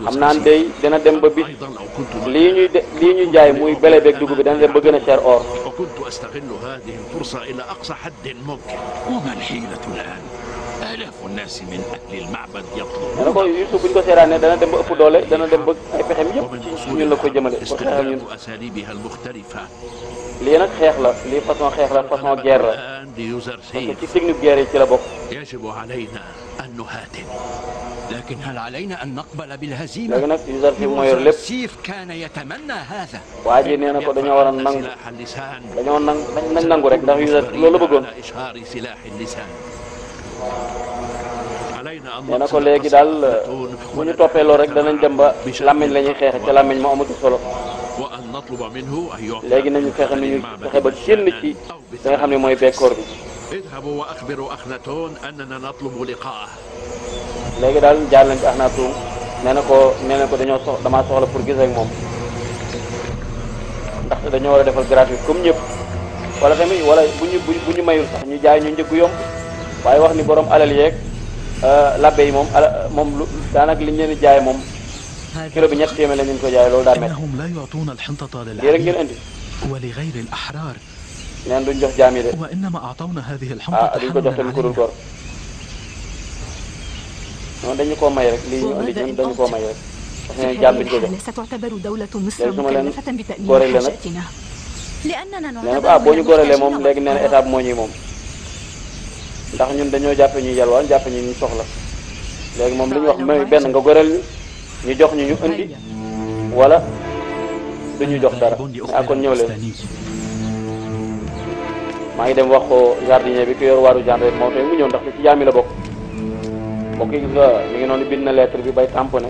[SPEAKER 2] xam naa day
[SPEAKER 1] dina dem ba bi lii ñuy de lii ñuy jaay muy bele beeg dugub bi dana dem ba gën a cher or.
[SPEAKER 2] alafu naas min ahli al-ma'bad yatlubuna
[SPEAKER 1] ko Yuusuf bu ñu ko seeraanee dana dem ba ëpp doole dana dem ba ay pexem yëpp ci ñun la ko jëmale ko xeexal ñun lii nag xeex la lii façon xeex la façon guerre la parce que ci technique guerre yi ci la bokk yajibu alayna an nuhaatim
[SPEAKER 2] لكن هل علينا أن نقبل بالهزيمة؟
[SPEAKER 1] لكن السيف
[SPEAKER 2] كان يتمنى هذا.
[SPEAKER 1] waaji nee na ko dañoo war a nangu dañoo nangu dañ nangu rek ndax Yuusuf loolu la bëggoon.
[SPEAKER 2] إشهار سلاح اللسان
[SPEAKER 1] nee na ko léegi daal bu ñu toppee loolu rek danañ dem ba làmmiñ la ñuy xeexe ca làmmiñ ma a solo léegi nañu fexe nu ñu fexe ba génn ci li nga xam ne mooy bekkoor bi. léegi daal jaar nañ ci Akhenaton nee na ko nee na ko dañoo sox damaa soxla pour gis ak moom ndaxte dañoo war a defal gratuit comme ñëpp wala tamit wala bu ñu bu ñu mayul sax ñu jaay ñu njëggu yomb. waaye wax ni borom alal yeeg euh, labbe yi moom ala moom lu daanaka liñ leen di jaay moom kilo bi ñett téeméer la ñu ko jaay loolu daa métti lii rek ngeen andi. neen duñ jox jaam yi de ah duñ ko jox tamit ku dul góor noonu dañu koo may rek lii ñu andi ñun dañu koo may rek wax ne jaam duñ ko jox
[SPEAKER 3] léegi su ma leen góoree leen
[SPEAKER 1] nag
[SPEAKER 3] nee na ah boo ñu góoree moom léegi nee na état bi
[SPEAKER 1] moo ñuy moom. ndax ñun dañoo jàppe ñu yalwaan jàppe ñu ñu soxla léegi moom li ñu wax mooy benn nga goreel ñu ñu jox ñu ñu indi wala du ñu jox dara ah kon ñëw leen maa ngi dem wax ko jardinier bi ku yor waaru genre moom tamit mu ñëw ndax ci jaami la bokk mbokk yi mi ngi noonu bind na lettre bi bay tamponné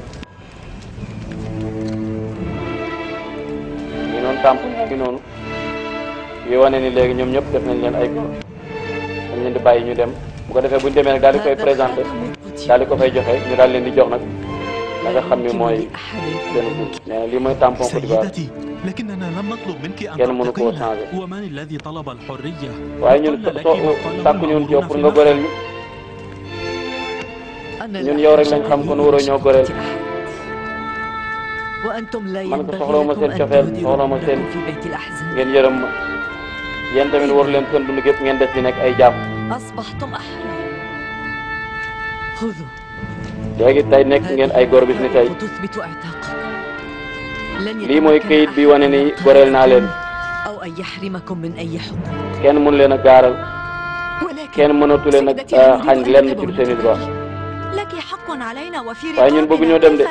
[SPEAKER 1] mi ngi noonu wane ni léegi ñoom ñëpp def nañ leen ay góor leen di bàyyi ñu dem bu ko defee bu ñu demee nag daal koy présenté daal di ko fay joxe ñu daal leen di jox nag la a xam ne mooy seen guut nee na lii mooy tampon Côte d'Ivoire kenn mënu koo changé waaye ñun soo sàkku ñun yow pour nga goreel ñu ñun yow rek lañ xam kon waroo ñoo goreel man ko soxlawu ma seen cofeel soxlawu ma seen ngeen yërëm ma yéen tamit waru leen seen dund gépp ngeen des di nekk ay jàmm أصبحتم أحرار خذوا léegi tey nekk ngeen ay góor bis ni tey lii mooy këyit bi wane ni goreel naa leen kenn mënu leen a gaaral kenn mënatu leen a xañ lenn ci seen i droit waaye ñun ñoo dem de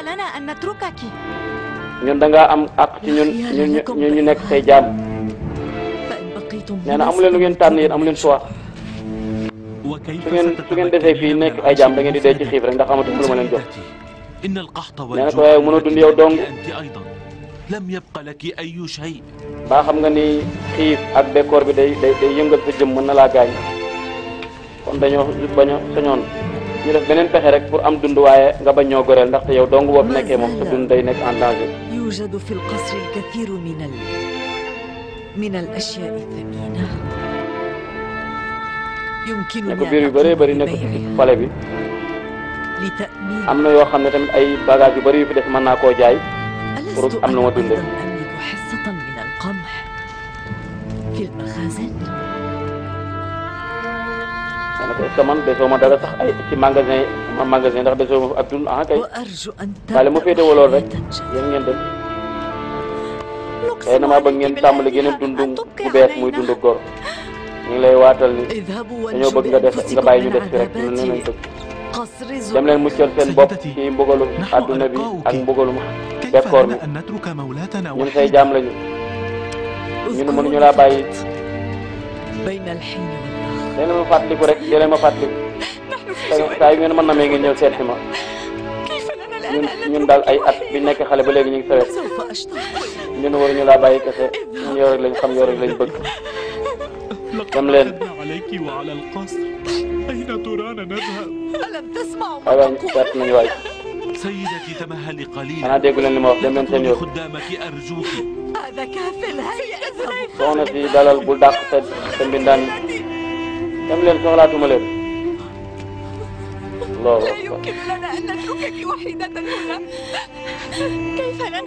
[SPEAKER 1] ñun da ngaa am àq ci ñun ñu nekk say jaam nee na amu leen lu ngeen tànn yéen amu leen choix. su ngeen su ngeen defee fii nekk ay jaam da ngeen di dee ci xiif rek ndax amatu lu ma leen jox nee na ko waaye mënoo dund yow dong baa xam nga ni xiif ak bekkoor bi day day day yëngal sa jëm mën na laa dañoo bañ a ñu def beneen pexe rek pour am dund waaye nga bañ ñoo goreel ndax yow dong boo fi nekkee moom sa dund day nekk en danger.
[SPEAKER 3] يوجد في القصر الكثير من ال... من الأشياء الثمينة ki ko biir yu
[SPEAKER 1] bëree bëri nekk ci palais bi am na yoo xam ne tamit ay bagage yu bëri yu fi des mën naa koo jaay pour am na ma dunde ma ne ko est-ce ci magasin ma magasin ndax desoo ma ak dund ah kay waaye ma féete walool rek yéen ngeen dem tey na maa ba ngeen tàmbali gën a dund bu bees muy dund góor ñu ngi lay waatal ni dañoo bëgg nga def nga bàyyi ñu def ci rek
[SPEAKER 3] ñun lañ
[SPEAKER 1] mu dem seen bopp ci mbugalum adduna bi ak mbugalum bekkoor mi ñun say jaam lañu ñun ñu laa bàyyi dee leen ma fàttaliku rek dee leen ma fàttaliku saa yu ngeen mën na mee ngi ñëw seet si ma ñun ñun daal ay at bi nekk xale ba léegi ñu ngi sawet ñun waruñu laa bàyyi kese ñun yow rek lañ xam yow rek lañ bëgg كملين
[SPEAKER 2] أين ترانا نذهب؟ ألم تسمعوا ما تقول؟ سيدتي تمهلي قليلا أنا دي أقول إني موافق من تاني خدامك أرجوك هذا كافل هيا اذهبي soxna
[SPEAKER 1] si dalal bul dàq sa sa mbindaan dem leen soxlaatuma leen allahu akbar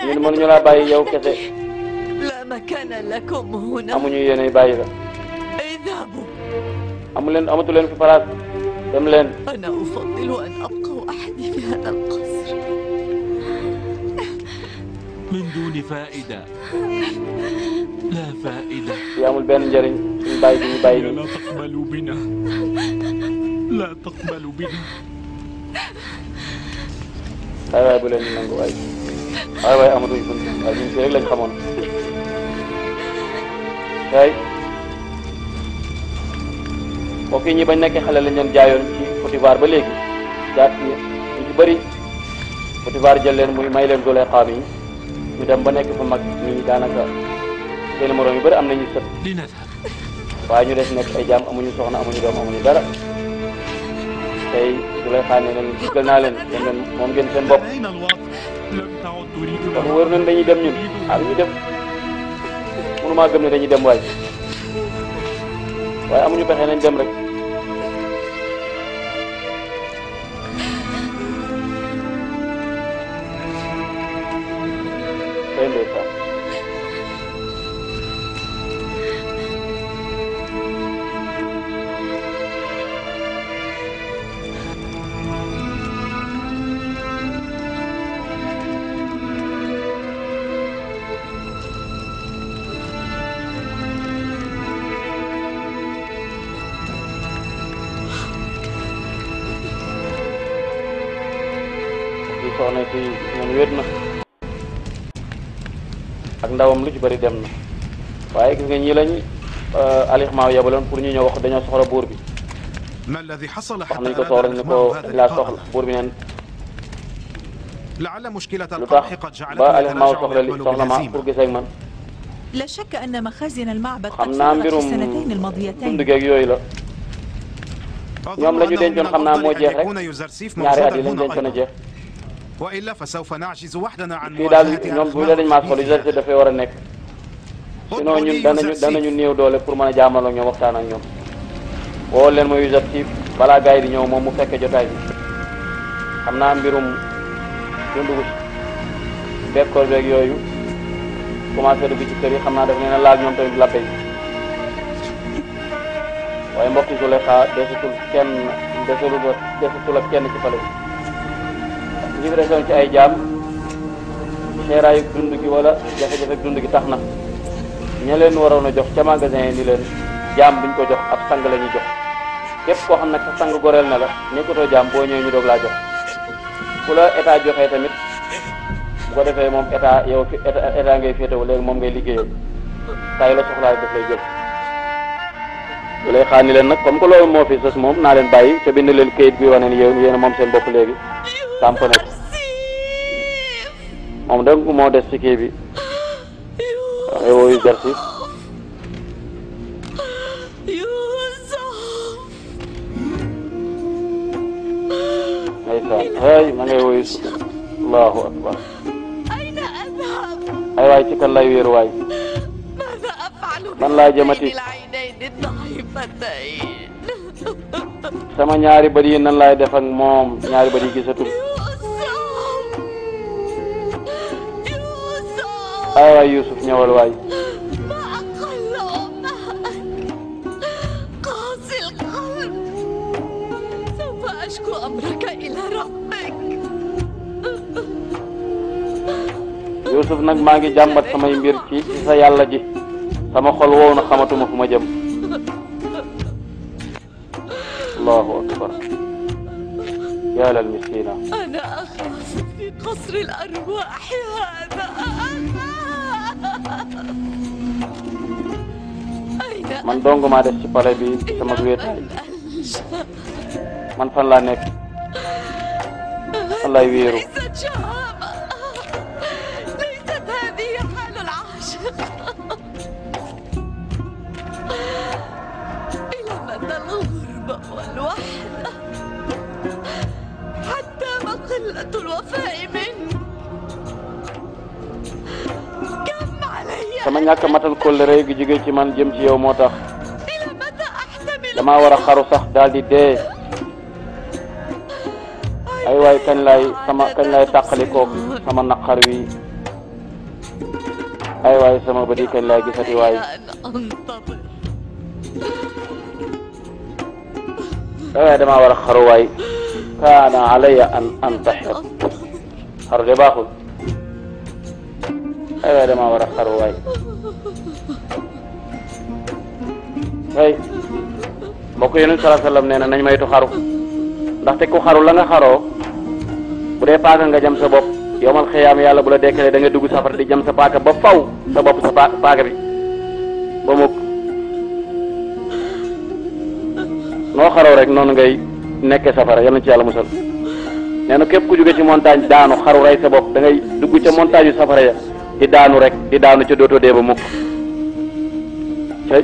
[SPEAKER 1] ñun mënuñu laa bàyyi yow kese amuñu yéenay bàyyi la amu leen amatu leen fi place dem leen. ana ufaddilu an abqa wahdi fi hada alqasr. min duni faida. la faida. yi amul benn njëriñ suñu bàyyi bi ñu bàyyi bi. la
[SPEAKER 2] taqbalu bina la
[SPEAKER 3] taqbalu bina.
[SPEAKER 1] waay waay bu leen ñu nangu waay waay waay amatuñu bunt waaye ñun fii rek mbokk yi ñi bañ nekkee xale lañ leen jaayoon ci Potiphar ba léegi jaat yi ñu ci bëri Potiphar jël leen muy may leen doole xaam yi ñu dem ba nekk fa mag daanaka seen moroom yu bëri am nañu sët waaye ñu des nekk ay jaam amuñu soxna amuñu doom amuñu dara tey du lay xaar ne leen digal naa leen dem leen moom ngeen seen bopp kon wër nañ dañuy dem ñun ah ñu dem mënumaa gëm ne dañuy dem waay waaye amuñu pexe nañ dem rek. day ndawam lu ci bëri dem na waaye gis nga ñii lañ euh, alixmaaw yebaloon pour ñu ñëw wax dañoo soxla buur bi wax nañ ko soxla ñu ne ko laa soxla buur bi neen lu tax ba alixmaaw soxla li soxla ma pour gisee
[SPEAKER 3] ak man
[SPEAKER 2] xam naa mbirum dund
[SPEAKER 1] geeg yooyu la ñoom la ñu dencoon xam naa moo jeex rek ñaari at yi lañ dencoon a jeex
[SPEAKER 2] وإلا فسوف نعجز وحدنا
[SPEAKER 1] عن fii daal ñoom bu dee dañ maa soxla université dafay war a nekk sinon ñun ñu danañu néew doole pour mën a jaamaloo ak ñoom waxtaan ak ñoom woo leen ma université balaa gars di ñëw moom mu fekkee jotaay bi xam naa mbirum dundu bekkoor beeg yooyu commencé dugg ci kër yi xam naa daf neena laal ñoom tamit labbe yi waaye mbokk yi su lay xaar desatul kenn desatul ak kenn ci livraison ci ay jaam seeraayu dund gi wala jafe-jafe dund gi tax na ña leen waroon a jox ca magasin ni leen jaam buñ ko jox ab sang la ñuy képp koo xam nag sa sang goreel na la nekkutoo jaam boo ñëwee ñu doog laa jox ku la état joxee tamit bu ko defee moom état yow fi état ngay féetewu léegi moom ngay liggéeyal saa yu la soxlaay daf lay jël bu lay xaar ni leen nag comme que loolu moo fi sës moom naa leen bàyyi ca bind leen kayit bi wane yeen yéen moom seen bopp léegi tamponné ko moom donc moo des ci kii bi yooyu jar si ndeysaan ay ma ngay woyu su allahu akbar ay waay ci kan lay wéeru waay man laa jëmati sama ñaari bët yi nan laay def moom ñaari bët yi gisatul ay waay Yuusuf ñëwal waay Yuusuf nag maa ngi jàmbat samay mbir ci sa yàlla ji sama xol woow na xamatuma fu ma jëm الله أكبر يا للمسكينة
[SPEAKER 3] أنا أخاف في قصر الأرواح هذا أين
[SPEAKER 1] man dong maa des ci pale bi sama wéetaay man fan laa nekk fan laay wéeru sama ñàkk a matal kóllëre gi jóge man jëm ci yow moo tax damaa war a xaru sax daal dee ay waay kañ lay sama kañ lay tàqalikoog sama naqar wi ay waay sama bët yi kañ lay gisati waay ay waay war a xaru waay kaana alayya an antahir xaru de baaxul ay dama war a xaru waay waay mbokk yonent salaa sallam nee na nañ maytu xaru ndaxte ku xaru la nga xaroo bu dee paaka nga jam sa bopp yomal xiyaam yàlla bu la dekkalee da nga dugg safara di jam sa paaka ba faw sa bopp sa paaka bi ba mukk noo xaroo rek noonu ngay nekkee safara yal na ci yàlla musal nee na képp ku jóge ci montagne daanu xaru rey sa bopp da ngay dugg ca montagne safara ya di daanu rek di daanu ca dootoo dee ba mukk cay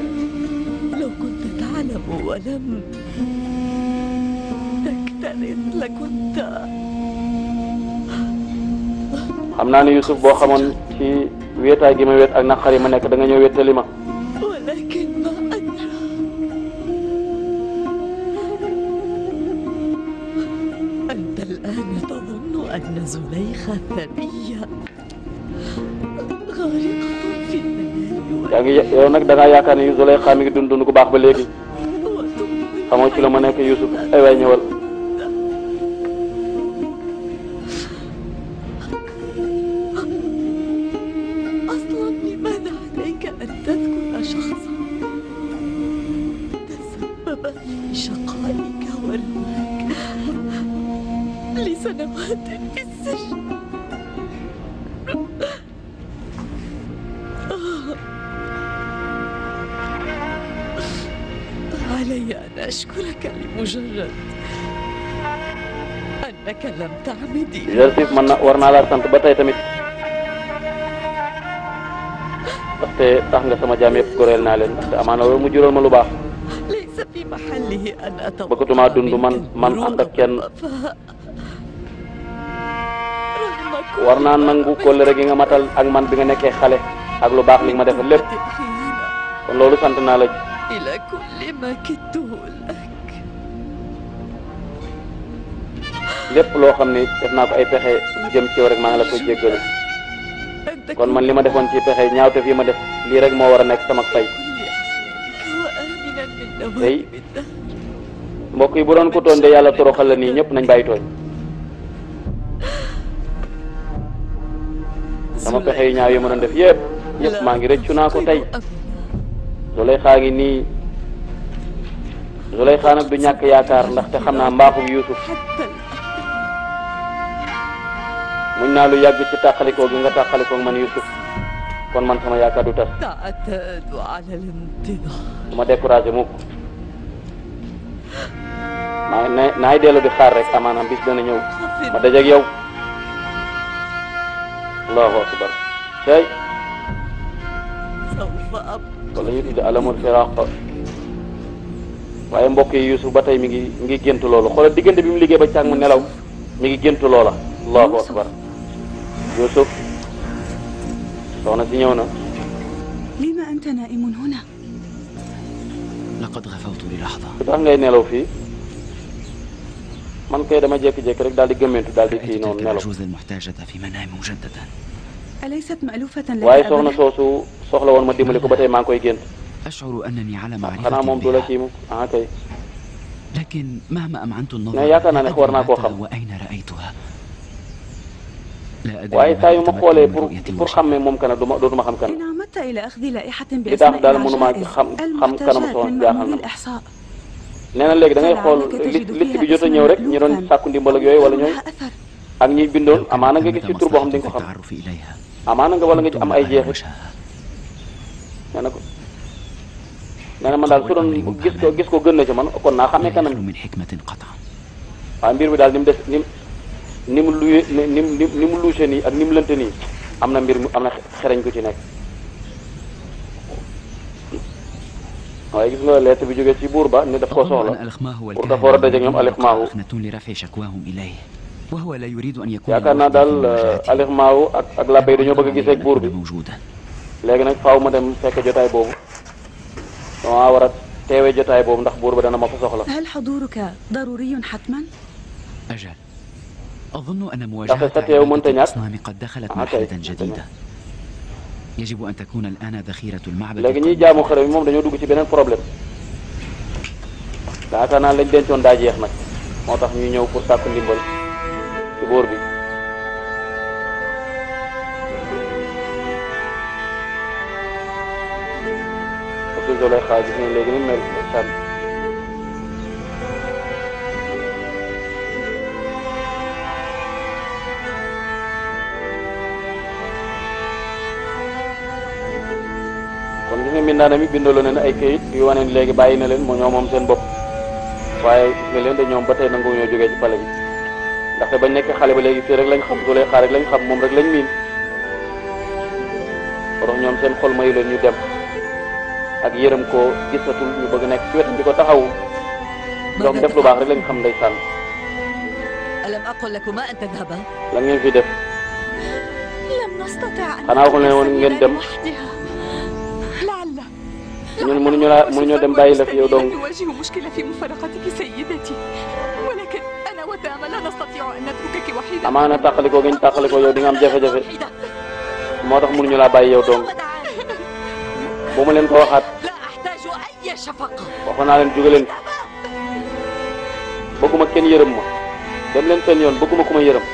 [SPEAKER 1] xam naa ne Yusuf boo xamoon ci wéetaay gi ma wéet ak naqar yi ma nekk da nga ñëw wéetali ma
[SPEAKER 3] أنت الآن تظن أن زليخة ثبيت
[SPEAKER 1] yaa ngi yow nag da ngaa yaakaar ne Zuleyxa mi ngi dund dund gu baax ba léegi xamoo ci la ma nekk Yusuf ay waay ñëwal war naa laa sant ba tey tamit ndaxte tax nga sama jaam yëpp goreel naa leen ndaxte amaana loolu mu jural ma lu baax bëggatuma dund man man a ak kenn war naa nangu kóllëre gi nga matal ak man bi nga nekkee xale ak lu baax li ma defal lépp kon loolu sant naa la lépp loo xam ne def naa ko ay pexe jëm ci yow rek maa ngi la koy jéggal kon man li ma defoon ci pexe ñaaw te ma def lii rek moo war a nekk sama fay tey mbokk yi bu doon ko tooñ de yàlla toroxal la nii ñëpp nañ bàyyi tooñ sama pexe yu ñaaw yi ma doon def yëpp yëpp maa ngi rëccu naa ko tey Zuleyxa ngi nii Zuleyxa nag du ñàkk yaakaar ndaxte xam naa mbaaxu Yuusuf muñ naa lu yàgg ci tàqalikoo gi nga tàqalikoo man Yusuf kon man sama yaakaar du tas du ma naa na naay dellu di xaar rek amaanaam bis dana ñëw ma dajeeg yow allahu akbar tey wala ñu tudd alamul firaq waaye mbokk Yusuf ba tey mi ngi mi ngi gént loolu xoolal diggante bi mu liggéey ba càng mu nelaw mi ngi gént loola allahu akbar يوسف soxna si ñëw na.
[SPEAKER 3] لم أنت نائم هنا؟
[SPEAKER 1] لقد غفوت للحظة. ndax ngay nelaw fii man kay dama jékki-jékki rek daal di gëmmentu daal di kii noonu nelaw.
[SPEAKER 3] أليست مألوفة لك waaye soxna
[SPEAKER 1] soosu soxla woon ma dimbali ko ba tey maa ngi koy gént. أشعر أنني على معرفة xanaa moom du la kii mu ah kay.
[SPEAKER 2] لكن مهما أمعنت النظر. mais yaakaar naa ne war naa koo xam.
[SPEAKER 1] وأين رأيتها؟ waaye saa yu ma xoolee pour pour xam ne moom kana duma dootuma xam kana
[SPEAKER 3] li tax daal mënuma xam xam kanam soxna jaaxal
[SPEAKER 1] na nee na léegi da ngay xool liste bi jot a ñëw rek ñu doon sàkku ndimbal ak yooyu wala ñooy ak ñuy bindoon amaana nga gis ci tur boo xam di nga ko xam a nga wala nga ci am ay jeexit nee na ko nee na man daal su doon gis ko gis ko gën na ci man kon naa xamee kanam waaye mbir bi daal ni mu des ni ni mu ni mu ni mu luuse nii ak ni mu am na mbir mu am na xereñ ko ci nekk waaye gis nga lettre bi jógee ci buur ba ne daf ko soxla pour dafa war a daje ak ñoom alixmaahu yaakaar naa daal alixmaahu ak ak labbe yi dañoo bëgg a gisee ak buur bi léegi nag faaw ma dem fekke jotaay boobu dama war a jotaay boobu ndax buur ba dana ma fa soxla.
[SPEAKER 3] hal xaduuruka daruriyun xatman.
[SPEAKER 1] أظن أن
[SPEAKER 2] مواجهة عائلة الأصنام قد دخلت مرحلة جديدة يجب أن تكون الآن ذخيرة المعبد léegi
[SPEAKER 1] ñiy jaamu xërëm yi moom dañoo dugg ci beneen problème yaakaar naa lañ dencoon daa jeex nag moo tax ñuy ñëw pour sàkku ndimbal ci boor bi parce que Zulaykha gis nga léegi min naa tamit ne leen ay kayit yu wane ni léegi bàyyi na leen moo ñoo moom seen bopp waaye gis de ñoom ba tey nangu ñoo jógee ci pale bi ndaxte bañ nekk xale ba léegi fii rek lañ xam su lay lañ xam moom rek lañ miin waroon ñoom seen xol mayu leen ñu dem ak ko gisatul ñu nekk ci di ko taxawu ñoom def lu baax lañ xam ndeysaan
[SPEAKER 3] alam aqul lakuma an tadhaba la fi def xanaa waxu leen woon ngeen dem ñun mënuñu laa mënuñoo dem bàyyi la fi yow dong.
[SPEAKER 1] amaana tàqalikoo gi ñu tàqalikoo yow di nga am jafe-jafe moo tax mënuñu laa bàyyi yow dong bu ma leen ko waxaat waxoon naa leen jugaleen bëgguma kenn yërëm dem leen seen yoon bëgguma ku ma yërëm.